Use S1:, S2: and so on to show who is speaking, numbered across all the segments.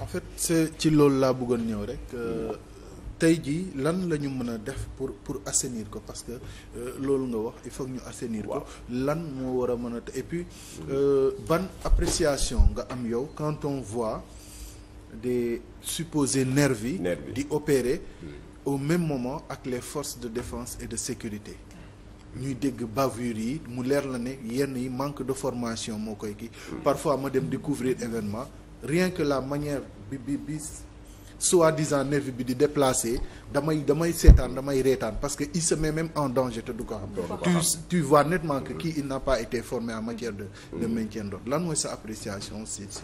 S1: en fait c'est ci loolu laa bëggoon ñëw rek euh, tey jii lan la ñu mën a def pour pour assainir ko parce que euh, loolu nga wax il faut ñu assainir ko lan moo war a mën a et puis mm. euh, ban appréciation nga am yow quand on de des supposés nervis di opérer mm. au même moment ak les forces de defence et de sécurité ñuy dégg bavure yi mu leer la ne yenn yi manque de formation moo koy kii mm. parfois ma dem découvrir événement rien que la manière bi bi bi soi-disant nervi bi di déplacé damay damay seetaan damay reetaan parce que il se met en danger te du ko xam tu tu vois nettement que kii il n'a pas été de de mm. lan mooy sa appréciation si si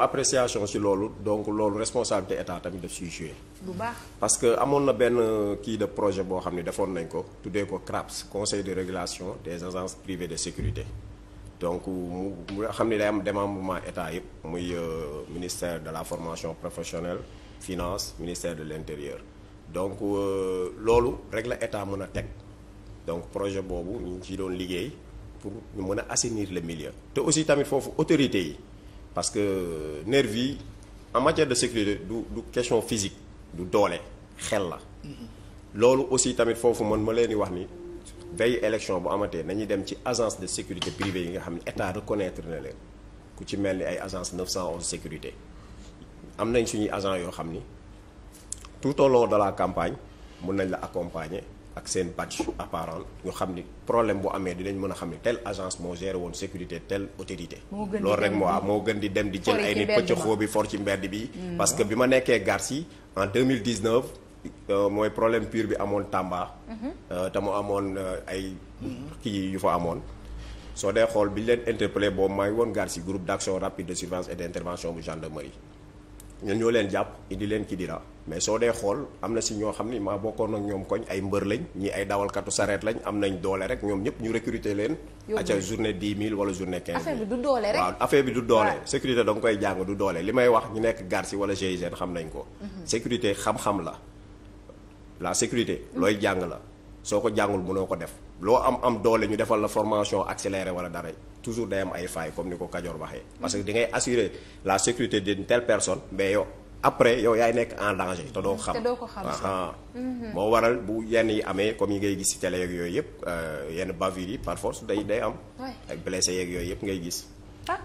S2: appréciation si loolu donc loolu responsabilité état tamit daf siy joué bu baax parce que amoon na benn euh, kii de projet boo xam ne defoon nañ ko tuddee ko CRAPS conseil de régulation des agences privées de sécurité donc euh, mu xam ne day am démembrement état yëpp muy euh, ministère de la formation professionnelle finance ministère de l'intérieur donc euh, loolu rek la état mën a teg donc projet boobu ñu ngi ciy doon liggéey pour ñu mën a assainir le milieu te aussi tamit foofu autorité yi parce que euh, nervi yi en matière de sécurité du du question physique du doole xel la mm-hmm. loolu aussi tamit foofu man ma leen wax ni veille élection bu amatee nañuy dem ci agence de sécurité privée yi nga xam ne état reconnaître na leen ku ci mel ni ay agence 911 sécurité am nañ suñuy agent yoo xam ni tout au long de la campagne mun nañ la accompagner ak seen badge apparent ñu xam ni problème bu amee dinañ mën a xam ni telle agence moo géré woon sécurité tel autorité. loolu rek moo moo gën di dem di jël ay nit pëcc xoo bi for ci mbedd bi. Mm. parce que bi ma nekkee Garci en 2019 euh, mooy problème pur bi amoon Tamba. Mm-hmm. Euh, te mu amoon euh, ay. Mm-hmm. kii yu fa amoon. soo dee xool bi ñu leen interpellé boobu maa ngi woon Garci groupe d' action rapide de surveillance intervention bu gendarmerie. ñu ñoo leen jàpp indi leen ki dira mais soo dee xool am na si ñoo xam ni maa bokkoon ak ñoom koñ ay mbër lañ ñii ay dawalkatu sareet lañ am nañ doole rek ñoom ñëpp ñu recruter leen. acca journée 10 000 wala journée 15 000. affaire
S1: bi du doole waaw
S2: affaire bi du doole. sécurité da nga koy jàng du doole li may wax ñu nekk GARSI wala gen xam nañ ko. Mhm. sécurité xam-xam la la sécurité looy jàng la. soo ko jàngul mënoo ko def loo am am doole ñu defal la formation accélérée wala dara toujours day am ay failles comme ni ko Kajoor waxee. parce que di ngay assurer la sécurité d'une tell personne mais yow après yow yaay nekk en danger te doo xam. te ko xam mhm. moo waral bu yenn yi amee comme yi ngay gis ci télé yeeg yooyu yëpp euh, yenn bavures yi par force day day am. ay blessé yeeg yooyu yëpp ngay gis. Ah.